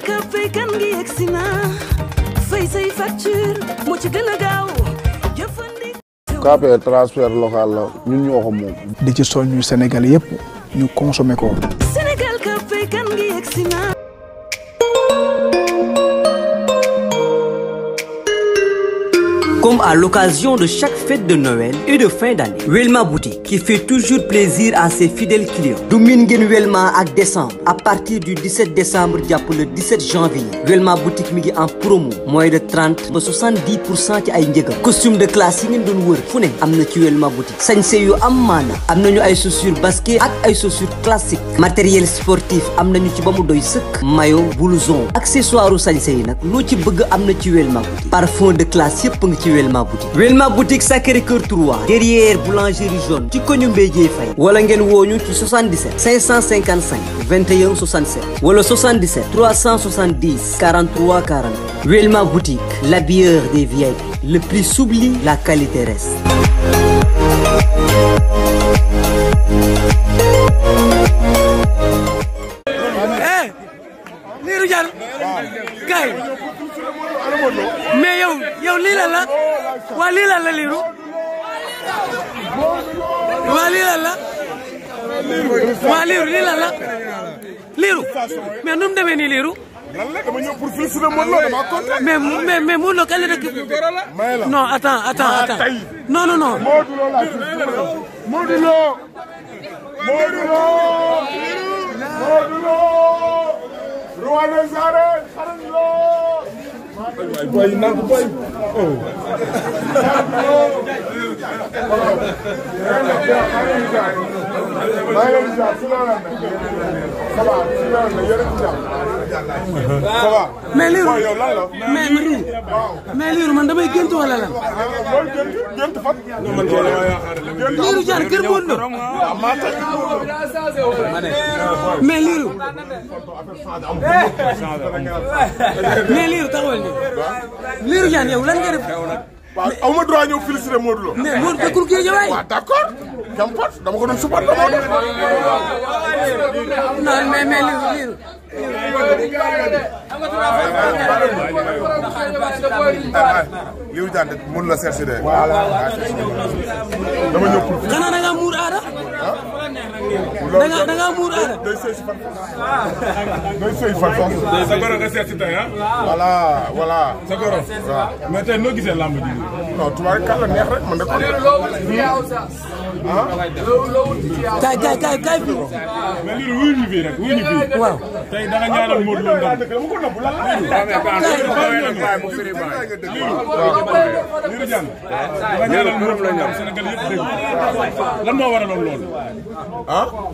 ñëwal kër fay local la ñun ñoo ko moom. di ci soññu Sénégal yëpp ñu consomé ko. comme à l'occasion de chaque fête de Noël et de fin d'année. Welma Boutique qui fait toujours plaisir à ses fidèles clients. du min ngeen Welma ak décembre à partir du 17 décembre jàpp le janvier Welma Boutique mi ngi en promo moins de 30 ba 70 pour cent ci ay njëgam costume de classe yi ngeen doon wër fu ne am na ci Welma Boutique sañse yu am maana am nañu ay chaussures basket ak ay chaussures classiques matériel sportif am nañu ci ba mu doy sëkk maillot blouson yi nag ci bëgg am na ci Welma Boutique ci Welma boutique Welma boutique Sacré Cœur 3 derrière boulangerie jaune ci koñu Mbéjee Faye wala ngeen wooñu ci 77 555 21 67 wala 77 370 43 40 boutique l'habilleur des VIP le prix s'oublie la qualité reste eh, waa lii lan la liiru waa lii lan la waa liiru lii lan la liiru mais nu la dama ñëw pour féliciter Modou Lo dama kontaan. mais mais la la Modou Lo. Modou Lo. Modou Lo. roi maa ngi leen di ziar su loolu la ne mais liiru mais mais liiru man damay gënt wala lan. liiru jaar kër Modou Lo. mais liiru. mais liiru taxawal nii. liiru jaar yow lan nga def. waaw aw ma droit ñëw féliciter Modou Lo. mais Modou dëkkul kii ja waay. waaw d'accord dama ko doon support dama ko doon. non mais mais liiru yow daan a la nga muur da nga da nga muur aada. day sëy si fan day sëy fan fan. sa goro nga seet si a ah. voilà voilà. sa goro waaw. mais tey noo gisee làmb ji. non tubaab kàlla neex rek man de. ah. kaay kaay kaay kaay bi. mais lii wuyu ñu bii rek wuyu ñu bii. waaw tey da nga ñaanal Modou Lo ndam. si Diane da nga ñaanal Modou Lo ndam loolu ah.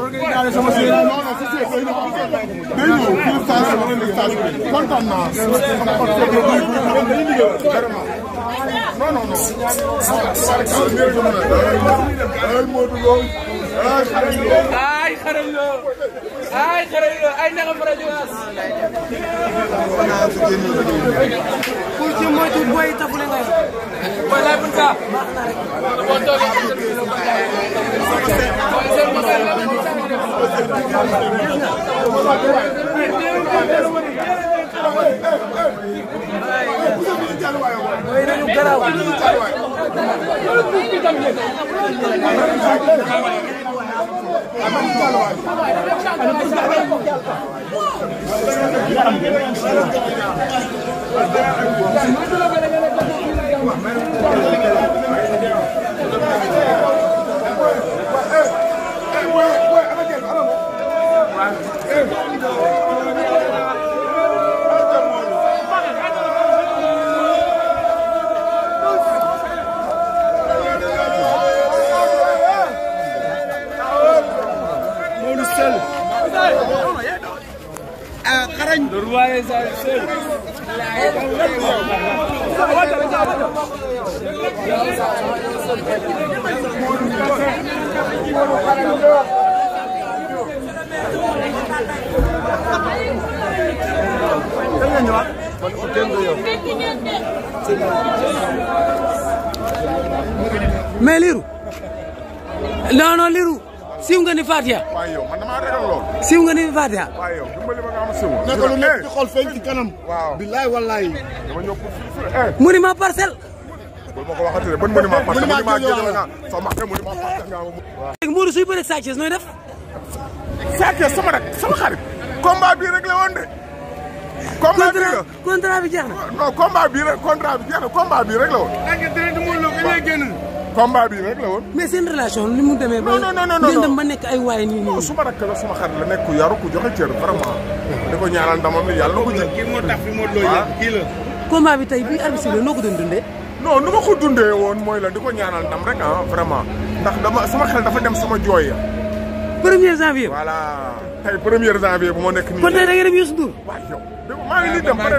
non non non xarañ loo ay xarañ loo ay naxam fa rajoas pour ci moytu boy tafu la ngay boy lay bun ka Hey, mais liiru non non liiru siiw nga ni Fatiha. waaye yow man damaa ragal lool. siiw nga ni Fatiha. waaye yow dimbali ba nga am siiw. naka lu nekk ci eh. xol feeñ ci kanam. waaw billaay wallaay. dama ñëw pour fii eh. monument parcelle. bul ma ko waxati de ban monument parcelle monument géej nga soo ma xee monument parcelle nga am. waaw léegi Modou suy bëreeg Sa Thiès nooy def. Sa Thiès sama rek sama xarit. combat bii rek la woon de. combat bii la contrat bi jeex na. non combat bii rek contrat bi jeex na combat bii rek la woon. combat bi rek la woon. mais seen relation li mu demee. non ba nekk ay waay nii nii. su ma rakk la su ma xarit la nekk ku yaru ku joxe cër vraiment. di ko ñaanal ndamam ni yàlla na ko ji. kii moo tax fi bi tey bii arbitre la noo ko doon dundee. non nu ma ko dundee woon mooy la di ko ñaanal ndam rek ah vraiment ndax dama sama xel dafa dem sama jooy ya. premier janvier. voilà tey premier janvier bu ma nekk nii. kon tey da nga dem Youssou Ndour. waaw yow maa ngi nii dem pare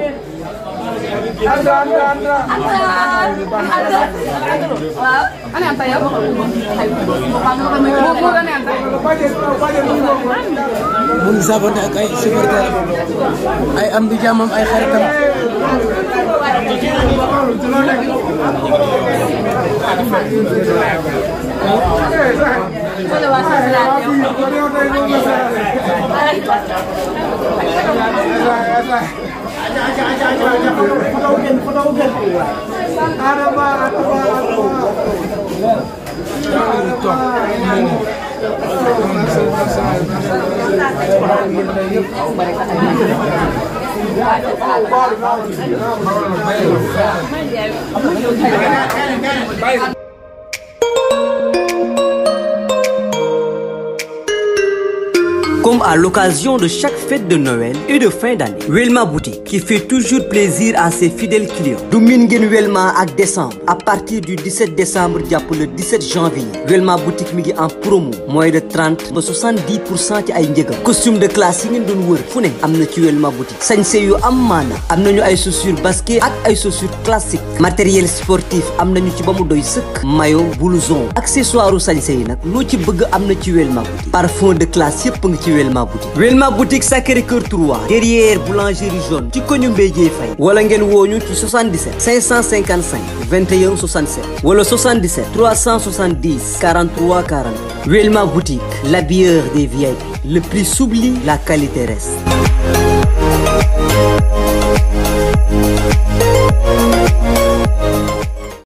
Anta Anta Anta. waaw. ak ay supporter ay am di ay xaritam. aca aca aca aca fodawgen fodawgen adama adama adama comme à l'occasion de chaque fête de Noël et de fin d'année. Welma Boutique qui fait toujours plaisir à ses fidèles clients. du min ngeen Welma ak décembre à partir du décembre jàpp le janvier Welma Boutique mi ngi en promo moins de 30 ba pour cent ci ay njëgam costume de classe yi ngeen doon wër fu ne am na ci Welma Boutique sañse yu am maana am nañu ay chaussures basket ak ay chaussures classiques matériel sportif am nañu ci ba mu doy sëkk maillot blouson accessoire sañse yi nag loo ci bëgg am na ci Welma Boutique parfum de Welma boutique Welma boutique Sacré Cœur 3 derrière boulangerie jaune ci koñu Mbéjee Faye wala ngeen wooñu ci 77 555 21 67 wala 77 370 43 40 Welma boutique l'habilleur des VIP le prix s'oublie la qualité reste